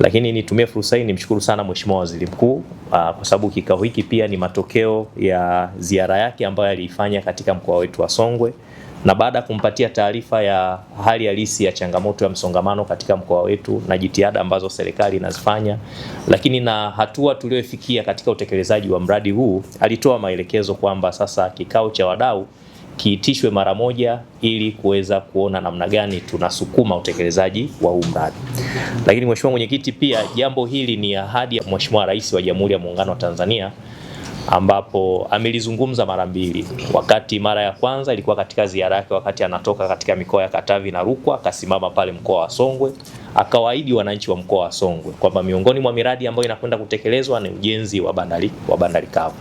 Lakini nitumie fursa hii nimshukuru sana Mheshimiwa Waziri Mkuu ah, kwa sababu kikao hiki pia ni matokeo ya ziara yake ambayo aliifanya katika mkoa wetu wa Songwe na baada ya kumpatia taarifa ya hali halisi ya changamoto ya msongamano katika mkoa wetu na jitihada ambazo serikali inazifanya, lakini na hatua tuliyofikia katika utekelezaji wa mradi huu, alitoa maelekezo kwamba sasa kikao cha wadau kiitishwe mara moja ili kuweza kuona namna gani tunasukuma utekelezaji wa huu mradi. Lakini Mheshimiwa Mwenyekiti, pia jambo hili ni ahadi ya Mheshimiwa Rais wa Jamhuri ya Muungano wa Tanzania ambapo amelizungumza mara mbili. Wakati mara ya kwanza ilikuwa katika ziara yake, wakati anatoka katika mikoa ya Katavi na Rukwa, akasimama pale mkoa wa Songwe, akawaahidi wananchi wa mkoa wa Songwe kwamba miongoni mwa miradi ambayo inakwenda kutekelezwa ni ujenzi wa bandari wa bandari kavu.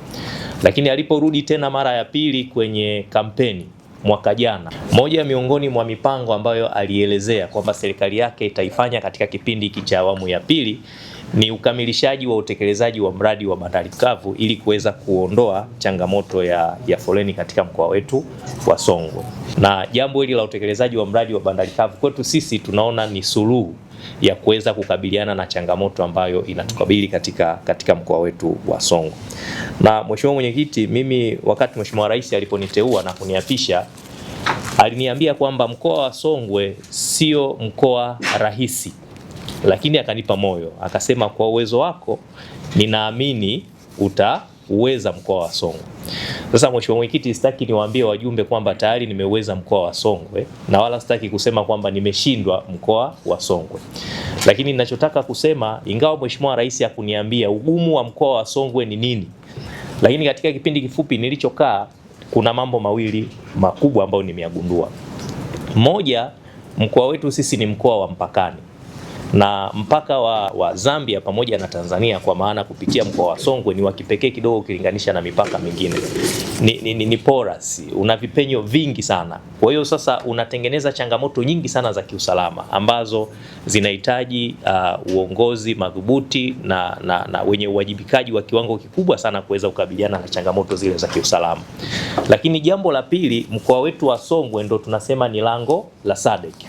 Lakini aliporudi tena mara ya pili kwenye kampeni mwaka jana, moja miongoni mwa mipango ambayo alielezea kwamba serikali yake itaifanya katika kipindi hiki cha awamu ya pili ni ukamilishaji wa utekelezaji wa mradi wa bandari kavu ili kuweza kuondoa changamoto ya, ya foleni katika mkoa wetu wa Songwe. Na jambo hili la utekelezaji wa mradi wa bandari kavu kwetu sisi tunaona ni suluhu ya kuweza kukabiliana na changamoto ambayo inatukabili katika, katika mkoa wetu wa Songwe. Na Mheshimiwa Mwenyekiti, mimi wakati Mheshimiwa Rais aliponiteua na kuniapisha aliniambia kwamba mkoa wa Songwe sio mkoa rahisi, lakini akanipa moyo, akasema kwa uwezo wako ninaamini utauweza mkoa wa Songwe. Sasa mheshimiwa mwenyekiti, sitaki niwaambie wajumbe kwamba tayari nimeweza mkoa wa Songwe na wala sitaki kusema kwamba nimeshindwa mkoa wa Songwe, lakini ninachotaka kusema, ingawa mheshimiwa rais hakuniambia ugumu wa mkoa wa Songwe ni nini, lakini katika kipindi kifupi nilichokaa kuna mambo mawili makubwa ambayo nimeyagundua. Moja, mkoa wetu sisi ni mkoa wa mpakani na mpaka wa, wa Zambia pamoja na Tanzania kwa maana kupitia mkoa wa Songwe ni wa kipekee kidogo ukilinganisha na mipaka mingine. Ni, ni, ni, ni porous, una vipenyo vingi sana. Kwa hiyo sasa unatengeneza changamoto nyingi sana za kiusalama ambazo zinahitaji uh, uongozi madhubuti na, na, na wenye uwajibikaji wa kiwango kikubwa sana kuweza kukabiliana na changamoto zile za kiusalama. Lakini jambo la pili, mkoa wetu wa Songwe ndo tunasema ni lango la SADC.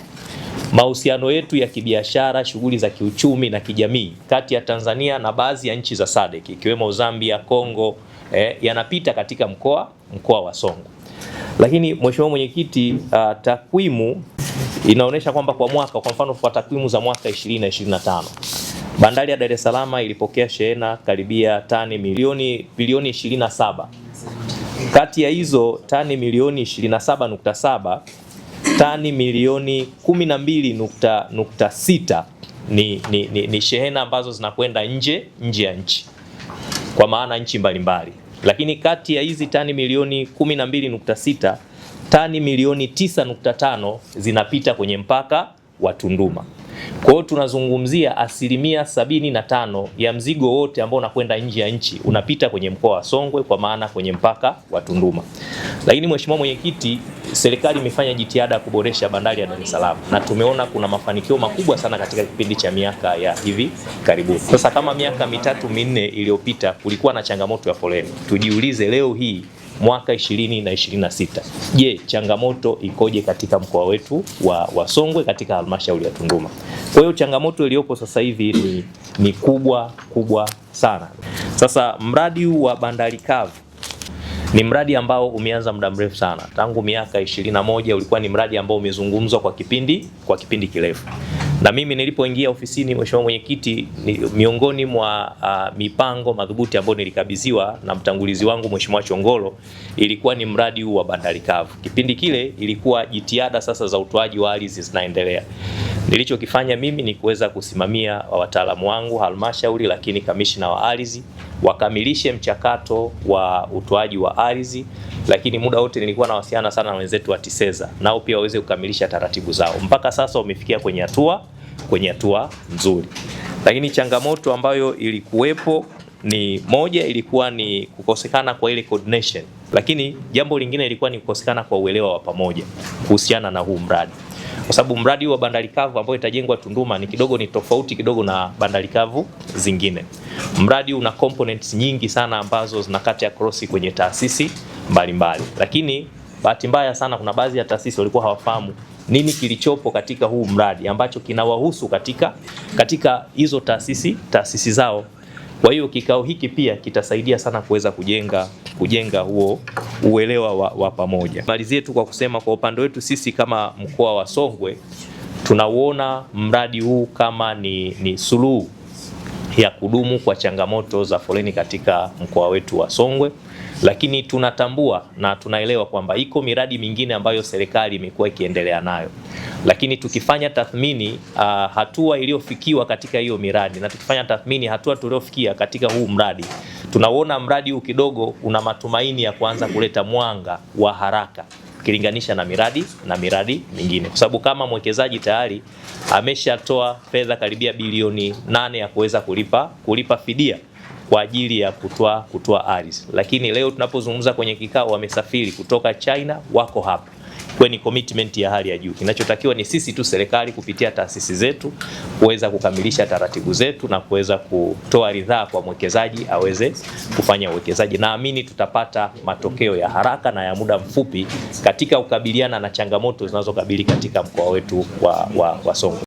Mahusiano yetu ya kibiashara, shughuli za kiuchumi na kijamii kati ya Tanzania na baadhi ya nchi za SADC ikiwemo Zambia, Kongo eh, yanapita katika mkoa mkoa wa Songwe. Lakini Mheshimiwa Mwenyekiti, uh, takwimu inaonyesha kwamba kwa mwaka, kwa mfano kwa takwimu za mwaka 2025 bandari ya Dar es Salaam ilipokea shehena karibia tani milioni bilioni 27. Kati ya hizo tani milioni 27.7 tani milioni 12.6 ni, ni, ni, ni shehena ambazo zinakwenda nje nje ya nchi kwa maana nchi mbalimbali mbali. Lakini kati ya hizi tani milioni 12.6 tani milioni 9.5 zinapita kwenye mpaka wa Tunduma. Kwa hiyo tunazungumzia asilimia sabini na tano ya mzigo wote ambao unakwenda nje ya nchi unapita kwenye mkoa wa Songwe, kwa maana kwenye mpaka wa Tunduma. Lakini Mheshimiwa Mwenyekiti, serikali imefanya jitihada ya kuboresha bandari ya Dar es Salaam na tumeona kuna mafanikio makubwa sana katika kipindi cha miaka ya hivi karibuni. Sasa kama miaka mitatu minne iliyopita kulikuwa na changamoto ya foleni, tujiulize leo hii mwaka 2026. Je, changamoto ikoje katika mkoa wetu wa, wa Songwe katika halmashauri ya Tunduma? Kwa hiyo changamoto iliyopo sasa hivi ni, ni kubwa kubwa sana. Sasa mradi wa bandari kavu ni mradi ambao umeanza muda mrefu sana, tangu miaka ishirini na moja. Ulikuwa ni mradi ambao umezungumzwa kwa kipindi kwa kipindi kirefu, na mimi nilipoingia ofisini, mheshimiwa mwenyekiti, miongoni mwa uh, mipango madhubuti ambayo nilikabidhiwa na mtangulizi wangu mheshimiwa Chongolo ilikuwa ni mradi huu wa bandari kavu. Kipindi kile ilikuwa jitihada sasa za utoaji wa ardhi zinaendelea. Nilichokifanya mimi ni kuweza kusimamia wataalamu wangu halmashauri, lakini kamishna wa ardhi wakamilishe mchakato wa utoaji wa ardhi, lakini muda wote nilikuwa nawasiliana sana na wenzetu wa TISEZA, nao pia waweze kukamilisha taratibu zao. Mpaka sasa wamefikia kwenye hatua kwenye hatua nzuri, lakini changamoto ambayo ilikuwepo ni moja, ilikuwa ni kukosekana kwa ile coordination, lakini jambo lingine ilikuwa ni kukosekana kwa uelewa wa pamoja kuhusiana na huu mradi kwa sababu mradi wa bandari kavu ambao itajengwa Tunduma ni kidogo ni tofauti kidogo na bandari kavu zingine. Mradi una components nyingi sana ambazo zinakata ya krosi kwenye taasisi mbalimbali, lakini bahati mbaya sana kuna baadhi ya taasisi walikuwa hawafahamu nini kilichopo katika huu mradi ambacho kinawahusu katika katika hizo taasisi taasisi zao. Kwa hiyo kikao hiki pia kitasaidia sana kuweza kujenga, kujenga huo uelewa wa, wa pamoja. Malizie tu kwa kusema kwa upande wetu sisi kama mkoa wa Songwe tunauona mradi huu kama ni, ni suluhu ya kudumu kwa changamoto za foleni katika mkoa wetu wa Songwe, lakini tunatambua na tunaelewa kwamba iko miradi mingine ambayo serikali imekuwa ikiendelea nayo, lakini tukifanya tathmini uh, hatua iliyofikiwa katika hiyo miradi na tukifanya tathmini hatua tuliofikia katika huu mradi, tunauona mradi huu kidogo una matumaini ya kuanza kuleta mwanga wa haraka ukilinganisha na miradi na miradi mingine, kwa sababu kama mwekezaji tayari ameshatoa fedha karibia bilioni nane ya kuweza kulipa kulipa fidia kwa ajili ya kutoa kutoa ardhi, lakini leo tunapozungumza kwenye kikao, wamesafiri kutoka China wako hapa. Kwa ni commitment ya hali ya juu. Kinachotakiwa ni sisi tu serikali kupitia taasisi zetu kuweza kukamilisha taratibu zetu na kuweza kutoa ridhaa kwa mwekezaji aweze kufanya uwekezaji. Naamini tutapata matokeo ya haraka na ya muda mfupi katika kukabiliana na changamoto zinazokabili katika mkoa wetu wa, wa, wa Songwe.